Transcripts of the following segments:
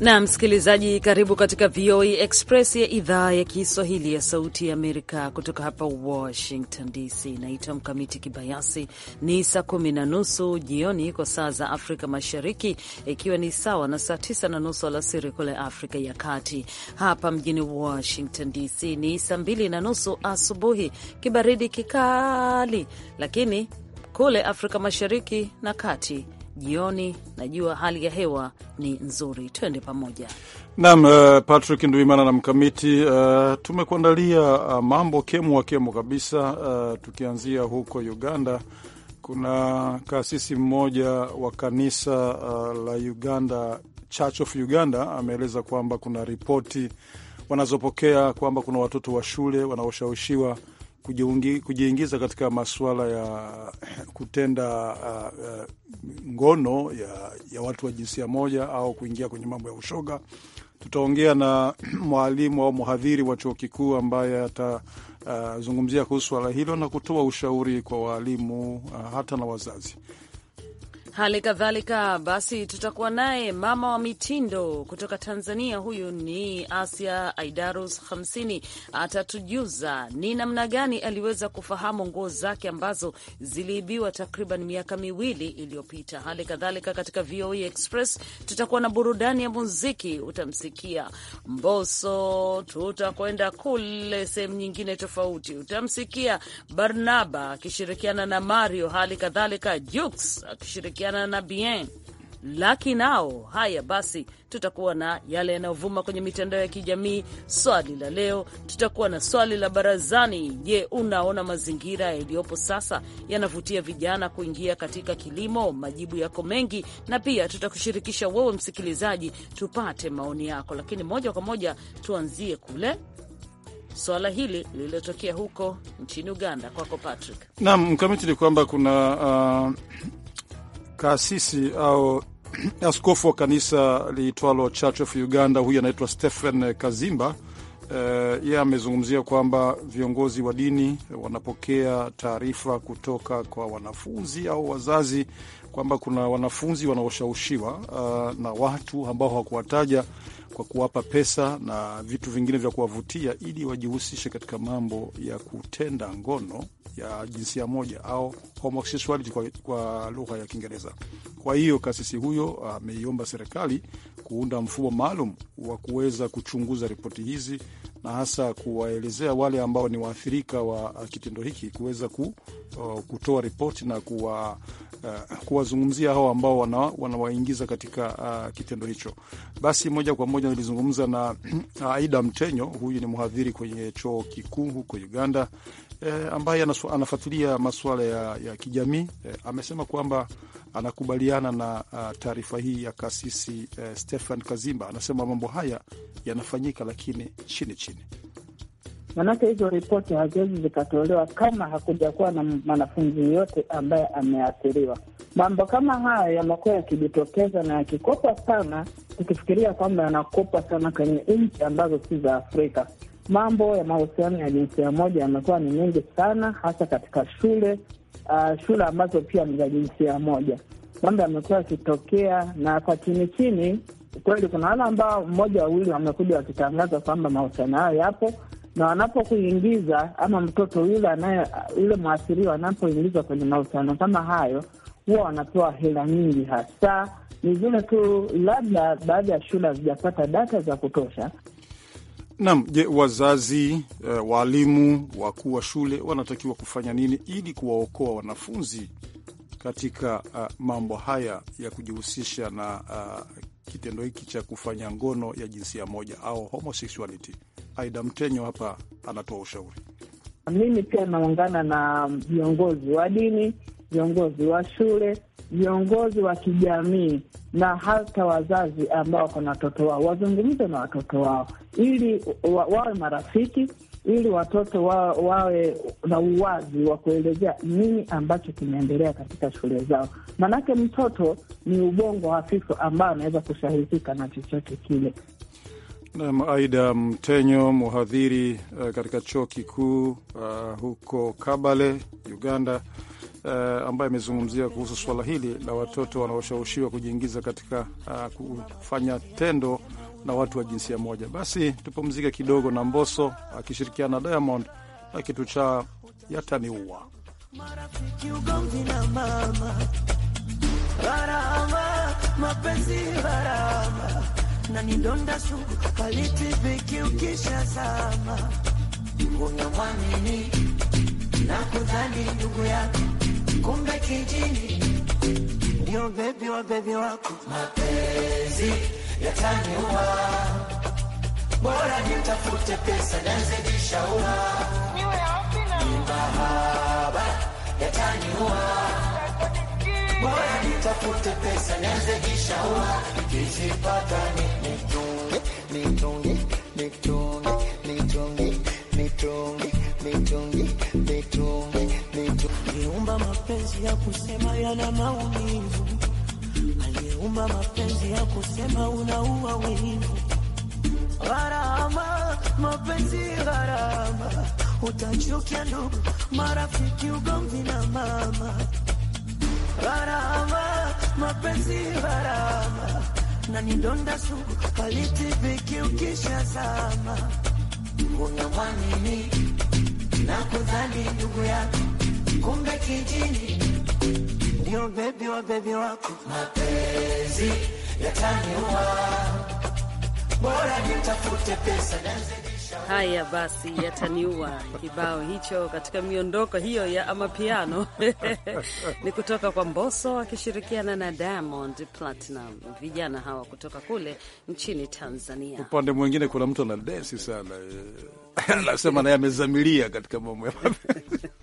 na msikilizaji, karibu katika VOA e Express ya idhaa ya Kiswahili ya Sauti ya Amerika kutoka hapa Washington DC. Naitwa Mkamiti Kibayasi. Ni saa kumi na nusu jioni kwa saa za Afrika Mashariki, ikiwa ni sawa na saa tisa na nusu alasiri kule Afrika ya Kati. Hapa mjini Washington DC ni saa mbili na nusu asubuhi, kibaridi kikali, lakini kule Afrika Mashariki na Kati jioni. Najua hali ya hewa ni nzuri, twende pamoja nam eh, Patrick Nduimana na Mkamiti. Uh, tumekuandalia uh, mambo wa kemo kabisa, uh, tukianzia huko Uganda. Kuna kasisi mmoja wa kanisa uh, la Uganda Church of Uganda ameeleza kwamba kuna ripoti wanazopokea kwamba kuna watoto wa shule wanaoshawishiwa kujiingiza katika masuala ya kutenda uh, uh, ngono ya, ya watu wa jinsia moja au kuingia kwenye mambo ya ushoga. Tutaongea na mwalimu au mhadhiri wa chuo kikuu ambaye atazungumzia uh, kuhusu swala hilo na kutoa ushauri kwa waalimu uh, hata na wazazi. Hali kadhalika basi, tutakuwa naye mama wa mitindo kutoka Tanzania, huyu ni Asia Aidarus 50 atatujuza ni namna gani aliweza kufahamu nguo zake ambazo ziliibiwa takriban miaka miwili iliyopita. Hali kadhalika katika VOA e Express tutakuwa na burudani ya muziki, utamsikia Mboso, tutakwenda kule sehemu nyingine tofauti, utamsikia Barnaba akishirikiana na Mario, hali kadhalika Jux akishirikiana akishirikiana na Bien Laki nao. Haya basi, tutakuwa na yale yanayovuma kwenye mitandao ya kijamii, swali la leo, tutakuwa na swali la barazani. Je, unaona mazingira yaliyopo sasa yanavutia vijana kuingia katika kilimo? Majibu yako mengi, na pia tutakushirikisha wewe msikilizaji, tupate maoni yako. Lakini moja kwa moja tuanzie kule swala hili lililotokea huko nchini Uganda. Kwako Patrick. Naam, mkamiti ni kwamba kuna uh Kaasisi au askofu wa kanisa liitwalo Church of Uganda, huyu anaitwa Stephen Kazimba. Uh, yeye amezungumzia kwamba viongozi wa dini wanapokea taarifa kutoka kwa wanafunzi au wazazi kwamba kuna wanafunzi wanaoshawishiwa uh, na watu ambao hawakuwataja kwa kuwapa pesa na vitu vingine vya kuwavutia ili wajihusishe katika mambo ya kutenda ngono ya jinsia moja au homosexuality kwa, kwa lugha ya Kiingereza. Kwa hiyo kasisi huyo ameiomba serikali kuunda mfumo maalum wa kuweza kuchunguza ripoti hizi na hasa kuwaelezea wale ambao ni waathirika wa uh, kitendo hiki kuweza ku, uh, kutoa ripoti na kuwa, uh, kuwazungumzia hao ambao wanawaingiza wana katika uh, kitendo hicho. Basi moja kwa moja nilizungumza na Aida Mtenyo, huyu ni mhadhiri kwenye chuo kikuu huko Uganda eh, ambaye anafuatilia masuala ya, ya kijamii eh, amesema kwamba anakubaliana na ah, taarifa hii ya kasisi eh, Stefan Kazimba. Anasema mambo haya yanafanyika lakini chini chini, manake hizo ripoti haziwezi zikatolewa kama hakujakuwa na mwanafunzi yoyote ambaye ameathiriwa. Mambo kama haya yamekuwa yakijitokeza na yakikopwa sana, tukifikiria kwamba yanakopwa sana kwenye nchi ambazo si za Afrika mambo ya mahusiano ya jinsia moja yamekuwa ni mengi sana, hasa katika shule uh, shule ambazo pia ni za jinsia moja. Mambo yamekuwa yakitokea, na kwa chini chini kweli kuna wale ambao mmoja wawili wamekuja wakitangaza kwamba mahusiano hayo yapo, na wanapokuingiza ama mtoto yule anaye yule mwathiriwa anapoingizwa kwenye mahusiano kama hayo, huwa wanapewa hela nyingi hasa ni vile tu labda baadhi ya shule hazijapata data za kutosha Nam, je, wazazi e, eh, waalimu, wakuu wa shule wanatakiwa kufanya nini ili kuwaokoa wanafunzi katika uh, mambo haya ya kujihusisha na uh, kitendo hiki cha kufanya ngono ya jinsia moja au homosexuality? Aida Mtenyo hapa anatoa ushauri. Mimi pia naungana na viongozi wa dini viongozi wa shule, viongozi wa kijamii na hata wazazi ambao wako na watoto wao, wazungumze na watoto wao ili wa, wawe marafiki, ili watoto wa, wawe na uwazi wa kuelezea nini ambacho kimeendelea katika shule zao. Maanake mtoto ni ubongo hafifu ambao anaweza kushahizika na chochote kile. Nam Aida Mtenyo, mhadhiri uh, eh, katika chuo kikuu uh, huko Kabale, Uganda uh, ambaye amezungumzia kuhusu suala hili la watoto wanaoshawishiwa kujiingiza katika uh, kufanya tendo na watu wa jinsia moja. Basi tupumzike kidogo na mboso akishirikiana na Diamond na kitu cha yataniua na nidonda sugu ukisha zama, unamwamini na kudhani ndugu yako kumbe kijini ni ubebi wa bebi wako, mapenzi yataniua, bora nitafute pesa nazidisha ua yataniua, nitunge nitunge nitunge nitunge nitunge nitunge aliyeumba mapenzi ya kusema yana maumivu, aliyeumba mapenzi ya kusema unaua wivu. Gharama mapenzi gharama, utachukia ndugu, marafiki, ugomvi na mama. Gharama mapenzi gharama, na ni donda sugu kalitibiki ukishazama. Unamwamini na kudhani ndugu yako kumbe kijini ndio bebi wa bebi wako. Mapenzi yataniua, bora nitafute pesa Haya basi, yataniua kibao hicho katika miondoko hiyo ya amapiano ni kutoka kwa mboso akishirikiana na Diamond Platinum, vijana hawa kutoka kule nchini Tanzania. Upande mwingine kuna mtu ana densi sana eh. anasema naye amezamilia katika mambo ya mapenzi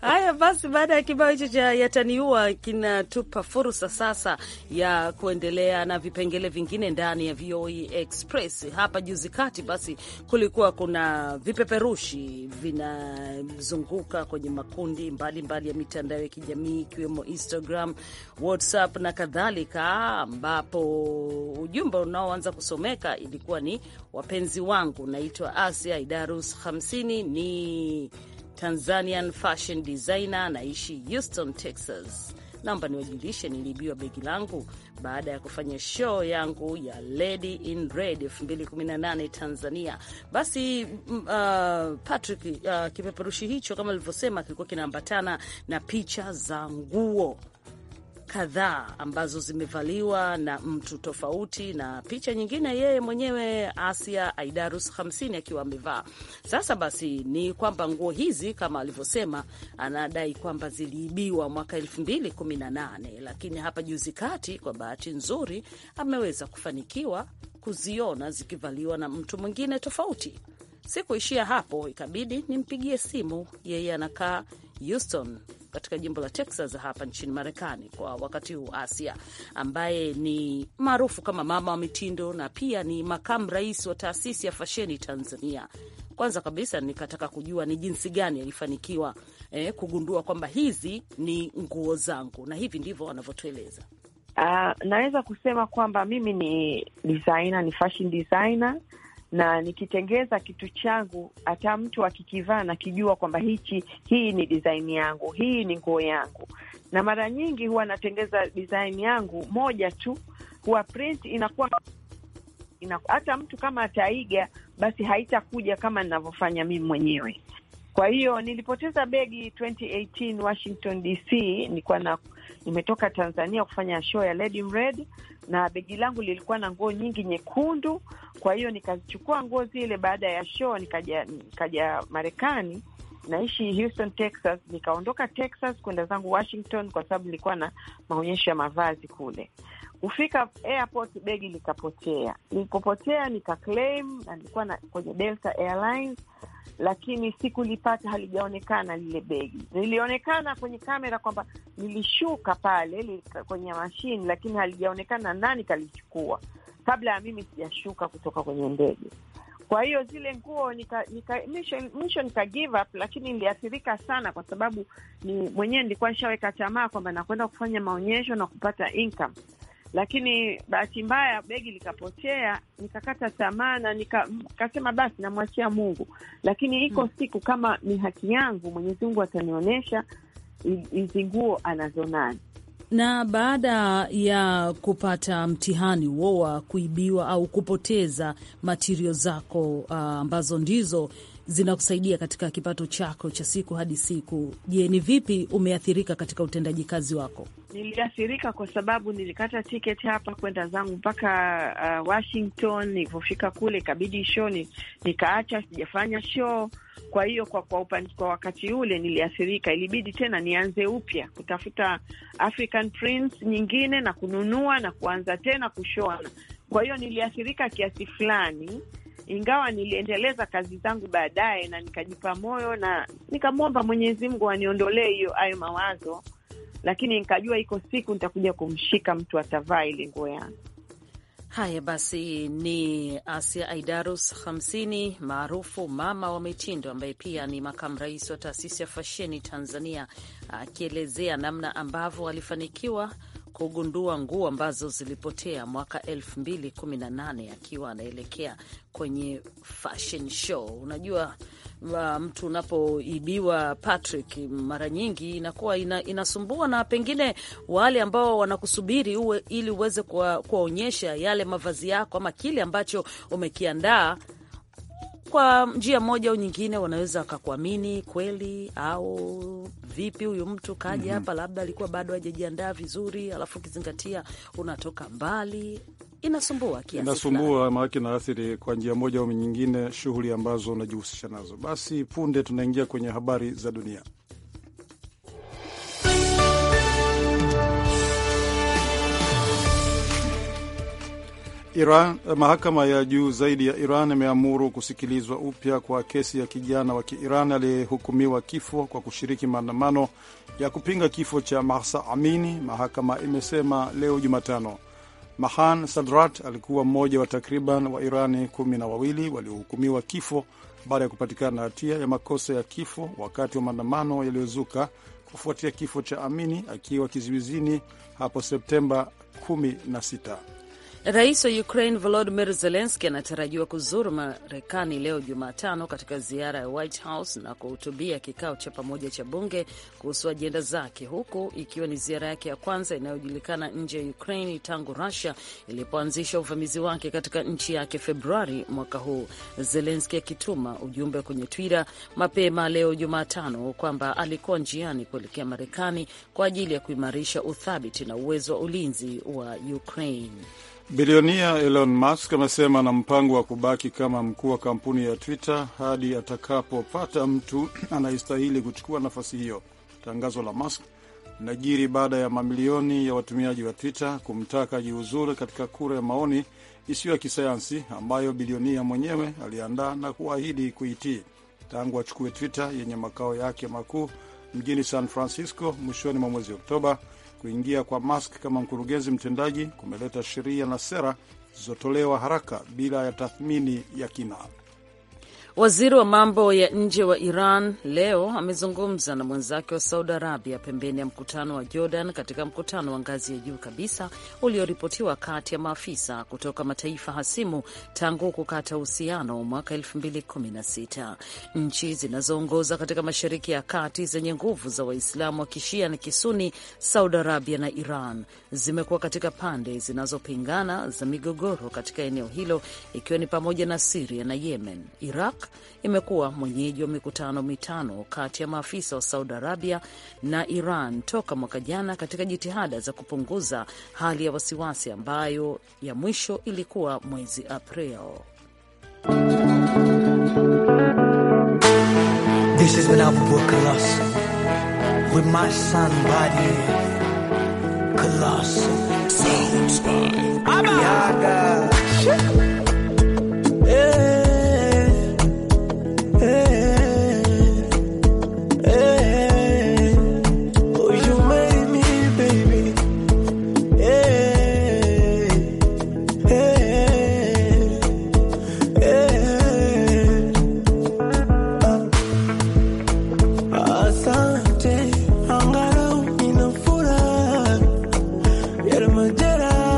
haya. Basi, baada ya kibao hicho cha yataniua, kinatupa fursa sasa ya kuendelea na vipengele vingine ndani ya VOA e Express. Hapa juzi kati, basi kulikuwa kuna vipeperushi vinazunguka kwenye makundi mbalimbali mbali ya mitandao ya kijamii ikiwemo Instagram, WhatsApp na kadhalika, ambapo ujumbe unaoanza kusomeka ilikuwa ni wapenzi wangu, naitwa Asia kuelezea Idarus 50 ni Tanzanian fashion designer, anaishi Houston, Texas. Naomba niwajulishe, niliibiwa begi langu baada ya kufanya show yangu ya Lady in Red 2018 Tanzania. Basi mm, uh, Patrick, uh, kipeperushi hicho kama alivyosema kilikuwa kinaambatana na picha za nguo kadhaa ambazo zimevaliwa na mtu tofauti, na picha nyingine yeye mwenyewe Asia Aidarus 50 akiwa amevaa. Sasa basi ni kwamba nguo hizi kama alivyosema, anadai kwamba ziliibiwa mwaka 2018 lakini hapa juzi kati, kwa bahati nzuri, ameweza kufanikiwa kuziona zikivaliwa na mtu mwingine tofauti. Sikuishia hapo, ikabidi nimpigie simu. Yeye anakaa Houston katika jimbo la Texas hapa nchini Marekani kwa wakati huu, Asia ambaye ni maarufu kama mama wa mitindo na pia ni makamu rais wa taasisi ya fasheni Tanzania. Kwanza kabisa nikataka kujua ni jinsi gani alifanikiwa eh, kugundua kwamba hizi ni nguo zangu, na hivi ndivyo wanavyotueleza. Uh, naweza kusema kwamba mimi ni designer, ni fashion designer na nikitengeza kitu changu, hata mtu akikivaa nakijua kwamba hichi, hii ni design yangu, hii ni nguo yangu. Na mara nyingi huwa natengeza design yangu moja tu, huwa print inakuwa hata mtu kama ataiga basi haitakuja kama ninavyofanya mimi mwenyewe. Kwa hiyo nilipoteza begi 2018 Washington DC, nilikuwa na Nimetoka Tanzania kufanya show ya Lady Mred, na begi langu lilikuwa na nguo nyingi nyekundu. Kwa hiyo nikazichukua nguo zile, baada ya show nikaja, nikaja Marekani. Naishi Houston Texas, nikaondoka Texas kwenda zangu Washington kwa sababu nilikuwa na maonyesho ya mavazi kule. Kufika airport begi likapotea, nilipopotea nika claim na nilikuwa na kwenye Delta Airlines lakini sikulipata, halijaonekana lile begi. Nilionekana kwenye kamera kwamba nilishuka pale li, kwenye mashini, lakini halijaonekana nani kalichukua kabla ya mimi sijashuka kutoka kwenye ndege. Kwa hiyo zile nguo nika, nika, mwisho, mwisho nika give up, lakini niliathirika sana, kwa sababu ni mwenyewe nilikuwa nishaweka tamaa kwamba nakwenda kufanya maonyesho na kupata income lakini bahati mbaya begi likapotea, nikakata tamaa na nikasema basi namwachia Mungu, lakini iko hmm. siku kama ni haki yangu, Mwenyezi Mungu atanionyesha hizi nguo anazo nani. Na baada ya kupata mtihani huo wa kuibiwa au kupoteza matirio zako ah, ambazo uh, ndizo zinakusaidia katika kipato chako cha siku hadi siku. Je, ni vipi umeathirika katika utendaji kazi wako? Niliathirika kwa sababu nilikata tiketi hapa kwenda zangu mpaka uh, Washington. Nilivyofika kule ikabidi show ni, nikaacha sijafanya show. Kwa hiyo kwa, kwa, upan, kwa wakati ule niliathirika, ilibidi tena nianze upya kutafuta African prints nyingine na kununua na kuanza tena kushona. Kwa hiyo niliathirika kiasi fulani ingawa niliendeleza kazi zangu baadaye na nikajipa moyo na nikamwomba Mwenyezi Mungu aniondolee hiyo hayo mawazo, lakini nikajua iko siku nitakuja kumshika mtu atavaa ile nguo yangu. Haya basi, ni Asia Aidarus 50 maarufu mama wa mitindo, ambaye pia ni makamu rais wa taasisi ya fasheni Tanzania, akielezea namna ambavyo alifanikiwa kugundua nguo ambazo zilipotea mwaka 2018 akiwa anaelekea kwenye fashion show. Unajua uh, mtu unapoibiwa Patrick, mara nyingi inakuwa ina, inasumbua na pengine wale ambao wanakusubiri uwe, ili uweze kuwaonyesha yale mavazi yako ama kile ambacho umekiandaa kwa njia moja au nyingine wanaweza wakakuamini kweli au vipi, huyu mtu kaja mm -hmm. hapa labda alikuwa bado hajajiandaa vizuri, alafu ukizingatia unatoka mbali inasumbua kiasi, inasumbua maake na athiri kwa njia moja au nyingine shughuli ambazo unajihusisha nazo. Basi punde tunaingia kwenye habari za dunia. Iran, eh, mahakama ya juu zaidi ya Iran imeamuru kusikilizwa upya kwa kesi ya kijana wa Kiiran aliyehukumiwa kifo kwa kushiriki maandamano ya kupinga kifo cha Mahsa Amini, mahakama imesema leo Jumatano. Mahan Sadrat alikuwa mmoja wa takriban wa Irani kumi na wawili waliohukumiwa kifo baada ya kupatikana na hatia ya makosa ya kifo wakati wa maandamano yaliyozuka kufuatia kifo cha Amini akiwa kizuizini hapo Septemba 16. Rais wa Ukraine volodimir zelenski anatarajiwa kuzuru Marekani leo Jumatano katika ziara ya White House na kuhutubia kikao cha pamoja cha bunge kuhusu ajenda zake, huku ikiwa ni ziara yake ya kwanza inayojulikana nje ya Ukraine tangu Rusia ilipoanzisha uvamizi wake katika nchi yake Februari mwaka huu. zelenski akituma ujumbe kwenye Twitter mapema leo Jumatano kwamba alikuwa njiani kuelekea Marekani kwa ajili ya kuimarisha uthabiti na uwezo wa ulinzi wa Ukraine. Bilionia Elon Musk amesema na mpango wa kubaki kama mkuu wa kampuni ya Twitter hadi atakapopata mtu anayestahili kuchukua nafasi hiyo. Tangazo la Musk linajiri baada ya mamilioni ya watumiaji wa Twitter kumtaka jiuzuru katika kura ya maoni isiyo ya kisayansi ambayo bilionia mwenyewe aliandaa na kuahidi kuitii tangu achukue Twitter yenye makao yake makuu mjini San Francisco mwishoni mwa mwezi Oktoba. Kuingia kwa Musk kama mkurugenzi mtendaji kumeleta sheria na sera zilizotolewa haraka bila ya tathmini ya kina. Waziri wa mambo ya nje wa Iran leo amezungumza na mwenzake wa Saudi Arabia pembeni ya mkutano wa Jordan katika mkutano wa ngazi ya juu kabisa ulioripotiwa kati ya maafisa kutoka mataifa hasimu tangu kukata uhusiano mwaka 2016. Nchi zinazoongoza katika Mashariki ya Kati zenye nguvu za Waislamu wa Kishia na Kisuni, Saudi Arabia na Iran, zimekuwa katika pande zinazopingana za migogoro katika eneo hilo, ikiwa ni pamoja na Siria na Yemen, Iraq Iraq imekuwa mwenyeji wa mikutano mitano kati ya maafisa wa Saudi Arabia na Iran toka mwaka jana katika jitihada za kupunguza hali ya wasiwasi ambayo ya mwisho ilikuwa mwezi april did I?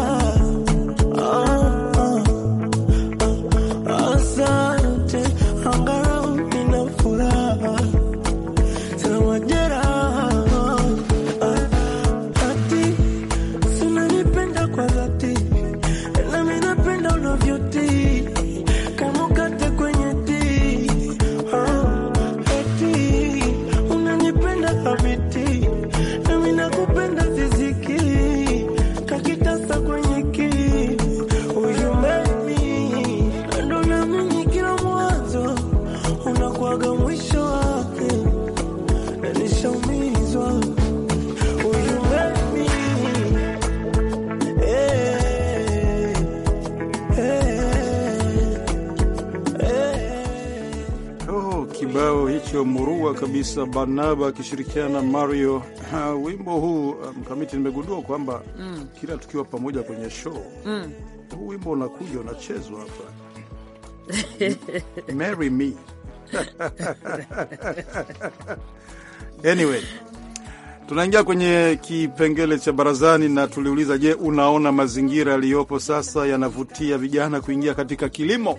kilicho murua kabisa, Barnaba akishirikiana Mario. Ha, wimbo huu um, mkamiti, um, nimegundua kwamba mm. kila tukiwa pamoja kwenye show mm. huu wimbo unakuja unachezwa hapa marry me anyway tunaingia kwenye kipengele cha barazani na tuliuliza, je, unaona mazingira yaliyopo sasa yanavutia vijana kuingia katika kilimo?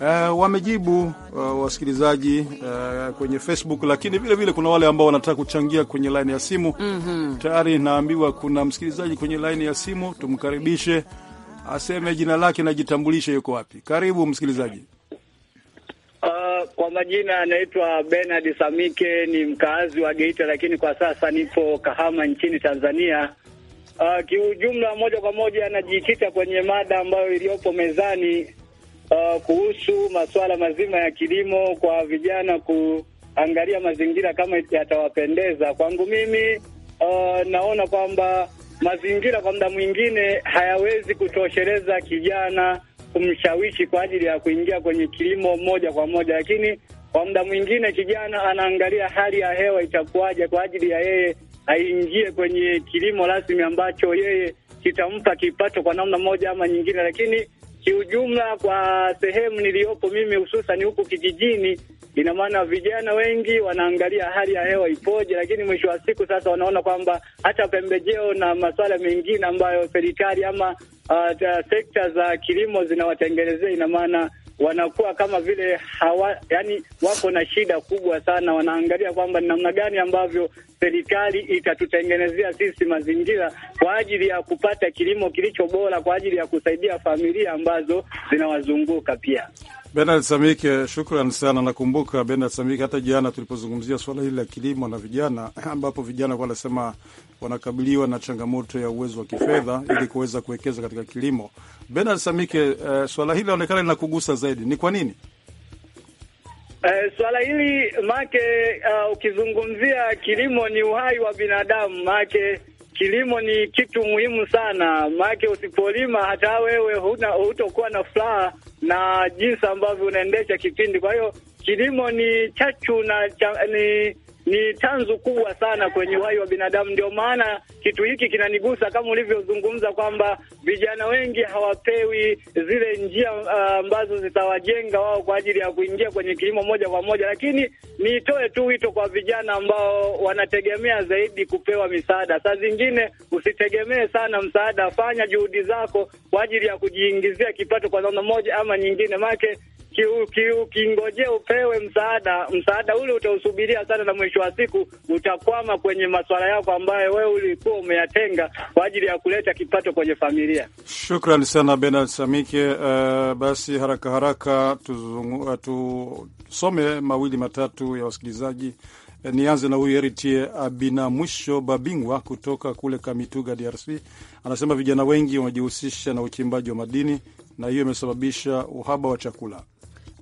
Uh, wamejibu uh, wasikilizaji uh, kwenye Facebook, lakini vile vile kuna wale ambao wanataka kuchangia kwenye laini ya simu mm -hmm. Tayari naambiwa kuna msikilizaji kwenye laini ya simu, tumkaribishe aseme jina lake na jitambulishe, yuko wapi. Karibu msikilizaji. Uh, kwa majina anaitwa Bernard Samike, ni mkaazi wa Geita, lakini kwa sasa nipo Kahama nchini Tanzania. Uh, kiujumla, moja kwa moja anajikita kwenye mada ambayo iliyopo mezani uh, kuhusu masuala mazima ya kilimo kwa vijana kuangalia mazingira kama yatawapendeza. Kwangu mimi uh, naona kwamba mazingira kwa muda mwingine hayawezi kutosheleza kijana kumshawishi kwa ajili ya kuingia kwenye kilimo moja kwa moja, lakini kwa muda mwingine kijana anaangalia hali ya hewa itakuwaje kwa ajili ya yeye aingie kwenye kilimo rasmi ambacho yeye kitampa kipato kwa namna moja ama nyingine, lakini Kiujumla, kwa sehemu niliyopo mimi, hususan huku kijijini, ina maana vijana wengi wanaangalia hali ya hewa ipoje, lakini mwisho wa siku sasa wanaona kwamba hata pembejeo na masuala mengine ambayo serikali ama uh, sekta za kilimo zinawatengenezea ina maana wanakuwa kama vile hawa, yani wako na shida kubwa sana, wanaangalia kwamba ni namna gani ambavyo serikali itatutengenezea sisi mazingira kwa ajili ya kupata kilimo kilicho bora kwa ajili ya kusaidia familia ambazo zinawazunguka pia. Bernard Samike, eh, shukran sana. Nakumbuka Bernard Samike, hata jana tulipozungumzia suala hili la kilimo na vijana, ambapo vijana kwa wanasema wanakabiliwa na changamoto ya uwezo wa kifedha ili kuweza kuwekeza katika kilimo. Bernard Samike, uh, suala hili linaonekana linakugusa zaidi, ni kwa nini? Uh, swala hili make, uh, ukizungumzia kilimo ni uhai wa binadamu make kilimo ni kitu muhimu sana, maanake usipolima hata wewe huna hutokuwa na furaha na jinsi ambavyo unaendesha kipindi. Kwa hiyo kilimo ni chachu na cha, ni ni chanzo kubwa sana kwenye uhai wa binadamu. Ndio maana kitu hiki kinanigusa kama ulivyozungumza kwamba vijana wengi hawapewi zile njia uh, ambazo uh, zitawajenga wao kwa ajili ya kuingia kwenye kilimo moja kwa moja. Lakini nitoe tu wito kwa vijana ambao wanategemea zaidi kupewa misaada. Saa zingine usitegemee sana msaada, fanya juhudi zako kwa ajili ya kujiingizia kipato kwa namna moja ama nyingine, make ukingojea upewe msaada, msaada ule utausubiria sana, na mwisho wa siku utakwama kwenye masuala yako ambayo wewe ulikuwa umeyatenga kwa ajili ya kuleta kipato kwenye familia. Shukran sana Benard Samike. Uh, basi haraka haraka uh, tusome mawili matatu ya wasikilizaji. Uh, nianze na huyu Eritie Abina Mwisho Babingwa kutoka kule Kamituga, DRC. Anasema vijana wengi wanajihusisha na uchimbaji wa madini na hiyo imesababisha uhaba wa chakula.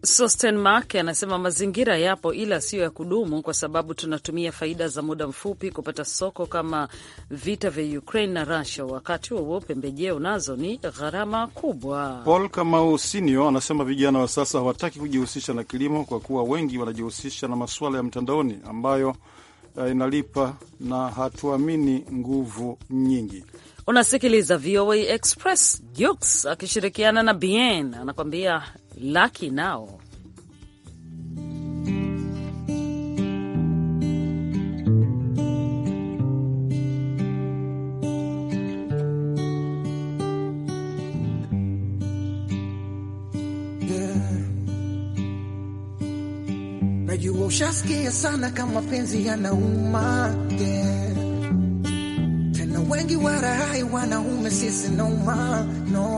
Sosten Mark anasema mazingira yapo, ila siyo ya kudumu, kwa sababu tunatumia faida za muda mfupi kupata soko, kama vita vya Ukraine na Russia. Wakati huo pembejeo nazo ni gharama kubwa. Paul Kamau Sinio anasema vijana wa sasa hawataki kujihusisha na kilimo kwa kuwa wengi wanajihusisha na masuala ya mtandaoni ambayo eh, inalipa na hatuamini nguvu nyingi. Unasikiliza VOA Express. Jux akishirikiana na Bien anakwambia Lucky Now. Najua ushasikia sana kama mapenzi yanauma, yeah. Tena wengi warahai wanaume sisi nauma no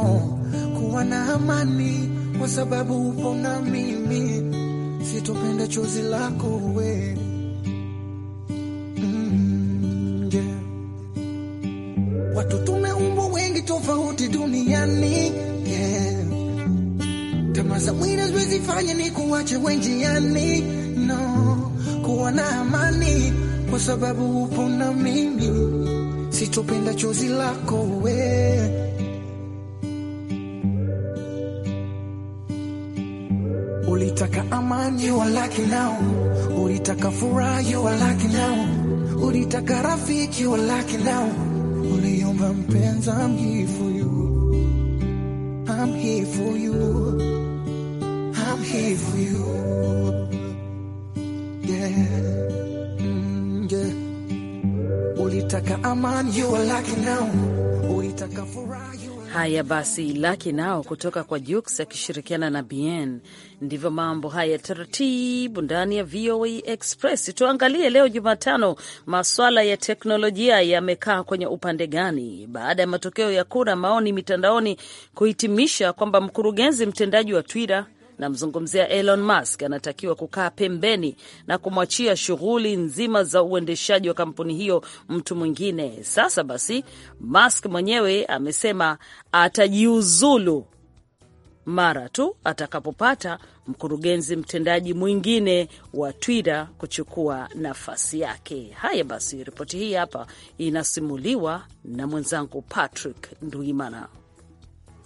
kuwa na amani kwa sababu upo na mimi, sitopenda chozi lako we mm, yeah. Watu tumeumbwa wengi tofauti duniani yeah. Tamaa za mwili ziwezifanye ni kuwache yani no, kuwa na amani kwa sababu upo na mimi, sitopenda chozi lako we amani, you are lucky now. Ulitaka furaha, you are lucky now. Ulitaka rafiki, you are lucky now. Uliomba mpenza, I'm here for you. I'm here for you. I'm here for you. Yeah. Mm, yeah. Ulitaka amani, you are lucky now. Ulitaka furaha. Haya basi, laki nao kutoka kwa Jux akishirikiana na Bien. Ndivyo mambo haya taratibu ndani ya VOA Express. Tuangalie leo Jumatano, maswala ya teknolojia yamekaa kwenye upande gani baada ya matokeo ya kura maoni mitandaoni kuhitimisha kwamba mkurugenzi mtendaji wa Twitter namzungumzia Elon Musk, anatakiwa kukaa pembeni na kumwachia shughuli nzima za uendeshaji wa kampuni hiyo mtu mwingine. Sasa basi, Musk mwenyewe amesema atajiuzulu mara tu atakapopata mkurugenzi mtendaji mwingine wa Twitter kuchukua nafasi yake. Haya basi, ripoti hii hapa inasimuliwa na mwenzangu Patrick Nduimana.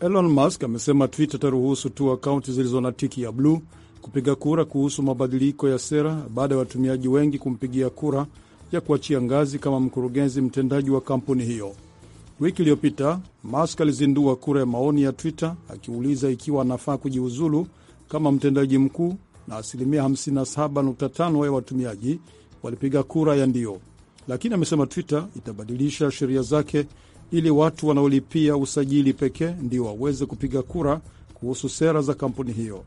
Elon Musk amesema Twitter itaruhusu tu akaunti zilizo na tiki ya bluu kupiga kura kuhusu mabadiliko ya sera baada ya watumiaji wengi kumpigia kura ya kuachia ngazi kama mkurugenzi mtendaji wa kampuni hiyo. Wiki iliyopita Musk alizindua kura ya maoni ya Twitter akiuliza ikiwa anafaa kujiuzulu kama mtendaji mkuu, na asilimia 57.5 ya watumiaji walipiga kura ya ndio, lakini amesema Twitter itabadilisha sheria zake ili watu wanaolipia usajili pekee ndio waweze kupiga kura kuhusu sera za kampuni hiyo.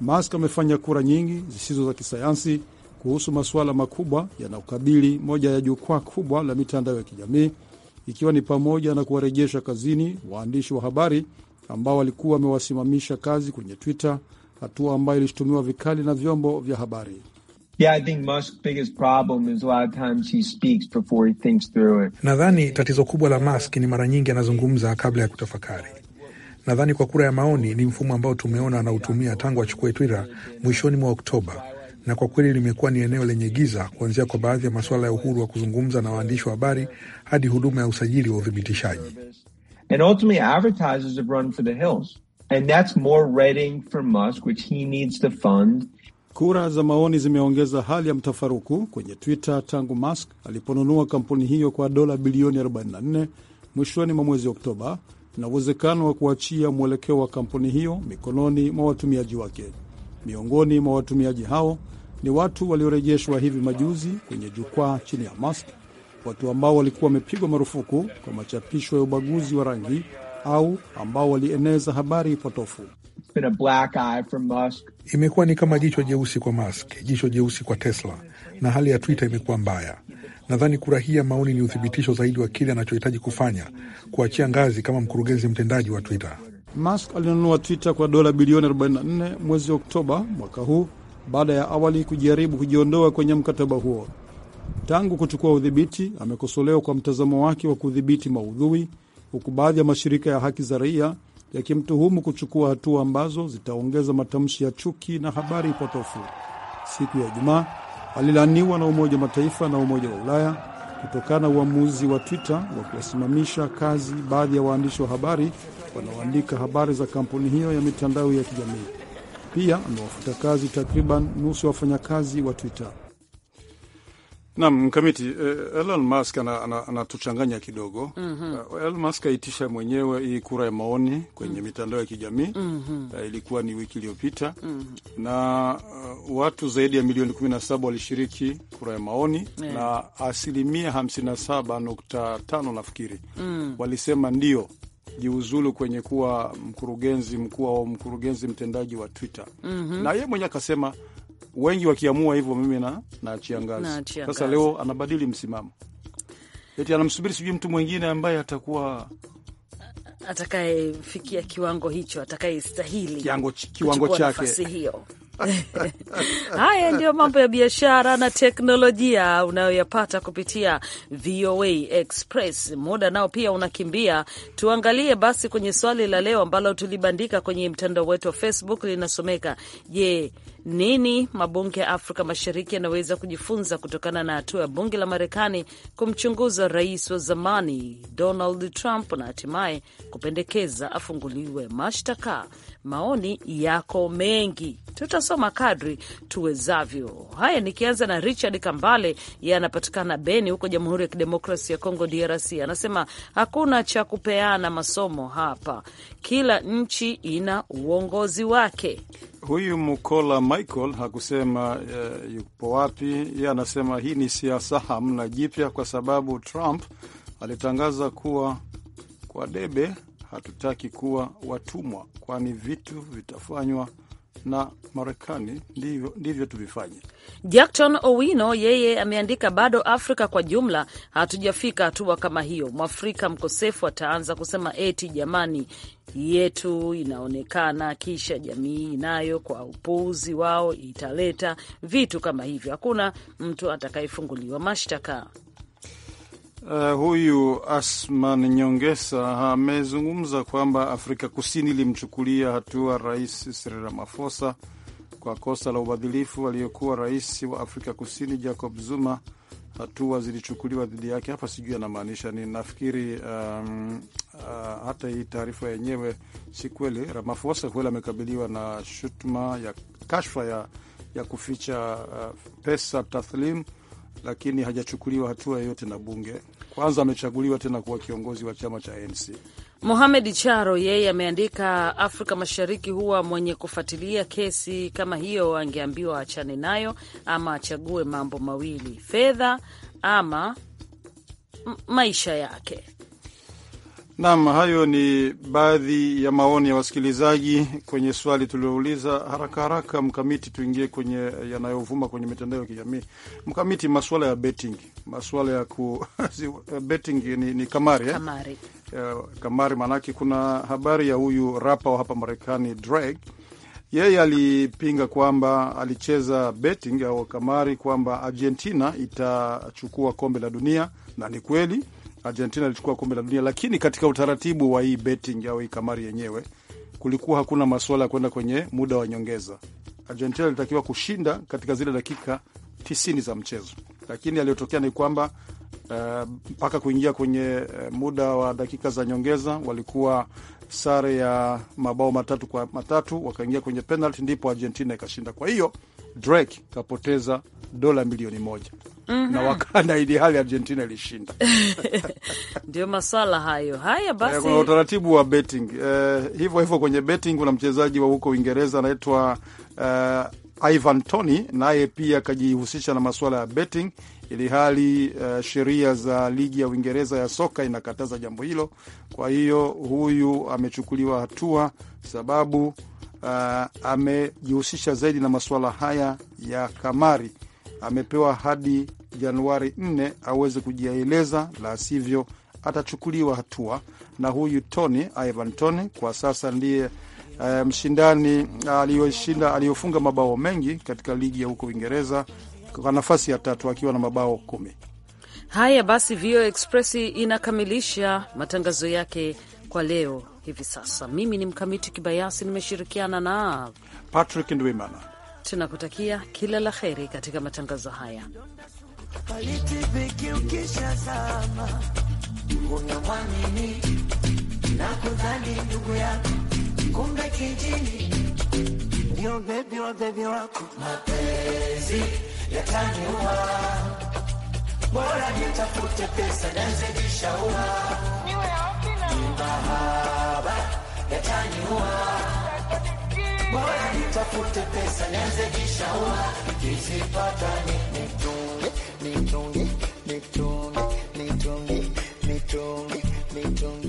Musk amefanya kura nyingi zisizo za kisayansi kuhusu masuala makubwa yanayokabili moja ya jukwaa kubwa la mitandao ya kijamii, ikiwa ni pamoja na kuwarejesha kazini waandishi wa habari ambao walikuwa wamewasimamisha kazi kwenye Twitter, hatua ambayo ilishutumiwa vikali na vyombo vya habari. Nadhani tatizo kubwa la Musk ni mara nyingi anazungumza kabla ya kutafakari. Nadhani kwa kura ya maoni ni mfumo ambao tumeona anautumia tangu achukue Twitter mwishoni mwa Oktoba, na kwa kweli limekuwa ni eneo lenye giza, kuanzia kwa baadhi ya masuala ya uhuru wa kuzungumza na waandishi wa habari hadi huduma ya usajili wa uthibitishaji. and that's more Redding for Musk which he needs to fund Kura za maoni zimeongeza hali ya mtafaruku kwenye Twitter tangu Musk aliponunua kampuni hiyo kwa dola bilioni 44 mwishoni mwa mwezi Oktoba na uwezekano wa kuachia mwelekeo wa kampuni hiyo mikononi mwa watumiaji wake. Miongoni mwa watumiaji hao ni watu waliorejeshwa hivi majuzi kwenye jukwaa chini ya Musk, watu ambao walikuwa wamepigwa marufuku kwa machapisho ya ubaguzi wa rangi au ambao walieneza habari potofu. Imekuwa ni kama jicho jeusi kwa Musk, jicho jeusi kwa Tesla, na hali ya Twitter imekuwa mbaya. Nadhani kurahia maoni ni uthibitisho zaidi wa kile anachohitaji kufanya, kuachia ngazi kama mkurugenzi mtendaji wa Twitter. Musk alinunua Twitter kwa dola bilioni 44 mwezi Oktoba mwaka huu baada ya awali kujaribu kujiondoa kwenye mkataba huo. Tangu kuchukua udhibiti, amekosolewa kwa mtazamo wake wa kudhibiti maudhui, huku baadhi ya mashirika ya haki za raia yakimtuhumu kuchukua hatua ambazo zitaongeza matamshi ya chuki na habari potofu. Siku ya Ijumaa alilaniwa na Umoja wa Mataifa na Umoja wa Ulaya kutokana na uamuzi wa Twitter wa kuwasimamisha kazi baadhi ya waandishi wa habari wanaoandika habari za kampuni hiyo ya mitandao ya kijamii. Pia amewafuta kazi takriban nusu ya wafanyakazi wa Twitter. Naam, mkamiti eh, Elon Musk anatuchanganya ana, ana kidogo mm -hmm. Elon Musk aitisha mwenyewe hii kura ya maoni kwenye mm -hmm. mitandao ya kijamii mm -hmm. ilikuwa ni wiki iliyopita mm -hmm. na uh, watu zaidi ya milioni 17 walishiriki kura ya maoni yeah. na asilimia 57.5 nafikiri mm -hmm. walisema ndio jiuzulu kwenye kuwa mkurugenzi mkuu au mkurugenzi mtendaji wa Twitter mm -hmm. na yeye mwenyewe akasema wengi wakiamua hivyo, mimi na naachia ngazi. sasa Leo anabadili msimamo, eti anamsubiri sijui mtu mwingine ambaye atakuwa atakayefikia kiwango hicho, atakayestahili kiwango chake hiyo. Haya ndiyo mambo ya biashara na teknolojia unayoyapata kupitia VOA Express. Muda nao pia unakimbia, tuangalie basi kwenye swali la leo ambalo tulibandika kwenye mtandao wetu wa Facebook, linasomeka: Je, nini mabunge ya Afrika Mashariki yanaweza kujifunza kutokana na hatua ya bunge la Marekani kumchunguza rais wa zamani Donald Trump na hatimaye kupendekeza afunguliwe mashtaka? Maoni yako mengi, tutasoma kadri tuwezavyo. Haya, nikianza na Richard Kambale, yeye anapatikana Beni huko Jamhuri ya Kidemokrasi ya Kongo, DRC. Anasema hakuna cha kupeana masomo hapa, kila nchi ina uongozi wake. Huyu Mukola Michael hakusema uh, yupo wapi yeye. Anasema hii ni siasa, hamna jipya, kwa sababu Trump alitangaza kuwa kwa debe hatutaki kuwa watumwa, kwani vitu vitafanywa na Marekani ndivyo, ndivyo tuvifanye. Jackton Owino yeye ameandika, bado Afrika kwa jumla hatujafika hatua kama hiyo. Mwafrika mkosefu ataanza kusema eti jamani yetu inaonekana, kisha jamii inayo kwa upuuzi wao italeta vitu kama hivyo. Hakuna mtu atakayefunguliwa mashtaka. Uh, huyu Asman Nyongesa amezungumza kwamba Afrika Kusini ilimchukulia hatua Rais Cyril Ramaphosa kwa kosa la ubadhilifu aliyokuwa rais wa Afrika Kusini Jacob Zuma. Hatua zilichukuliwa dhidi yake. Hapa sijui anamaanisha nini. Nafikiri um, uh, hata hii taarifa yenyewe si kweli. Ramaphosa kweli amekabiliwa na shutuma ya kashfa ya, ya kuficha uh, pesa taslim lakini hajachukuliwa hatua yoyote na bunge. Kwanza amechaguliwa tena kuwa kiongozi wa chama cha ANC. Mohamed Charo yeye ameandika, Afrika Mashariki huwa mwenye kufuatilia kesi kama hiyo angeambiwa achane nayo, ama achague mambo mawili, fedha ama maisha yake. Nam, hayo ni baadhi ya maoni ya wasikilizaji kwenye swali tuliouliza. Haraka haraka, Mkamiti, tuingie kwenye yanayovuma kwenye mitandao ya kijamii. Mkamiti, masuala ya betting, masuala ya ku betting ni, ni kamari eh? Kamari, eh, kamari maanake kuna habari ya huyu rapa wa hapa Marekani Drake, yeye alipinga kwamba alicheza betting au kamari kwamba Argentina itachukua kombe la dunia, na ni kweli Argentina ilichukua kombe la dunia, lakini katika utaratibu wa hii betting au hii kamari yenyewe kulikuwa hakuna masuala ya kwenda kwenye muda wa nyongeza. Argentina ilitakiwa kushinda katika zile dakika tisini za mchezo, lakini aliyotokea ni kwamba eh, mpaka uh, kuingia kwenye uh, muda wa dakika za nyongeza walikuwa sare ya mabao matatu kwa matatu, wakaingia kwenye penalty, ndipo Argentina ikashinda. Kwa hiyo Drake kapoteza dola milioni moja. -hmm. na mhm. wakana, ili hali Argentina ilishinda ndio maswala hayo. Haya eh, basi, kuna utaratibu wa betting eh, hivyo hivyo kwenye betting kuna mchezaji wa huko Uingereza anaitwa uh, Ivan Tony, naye pia akajihusisha na masuala ya betting ili hali uh, sheria za ligi ya Uingereza ya soka inakataza jambo hilo. Kwa hiyo huyu amechukuliwa hatua sababu uh, amejihusisha zaidi na masuala haya ya kamari. Amepewa hadi Januari 4 aweze kujieleza, la sivyo atachukuliwa hatua. Na huyu Tony Ivan Tony kwa sasa ndiye uh, mshindani eh, aliyoshinda aliyofunga mabao mengi katika ligi ya huko Uingereza kwa nafasi ya tatu akiwa na mabao kumi. Haya basi, VOA Express inakamilisha matangazo yake kwa leo hivi sasa. Mimi ni Mkamiti Kibayasi, nimeshirikiana na Patrick Ndwimana. Tunakutakia kila la heri katika matangazo haya. Palitipiki ukishazama, unamwamini na kudhani ndugu yako, kumbe kijini ndio bebi wa bebi wako. Mapenzi yataniua, bora nitafute pesa nazijishaua. Mahaba yataniua, bora nitafute pesa nazijishaua, ikizipata ni Mitungi, mitungi, mitungi, mitungi, mitungi.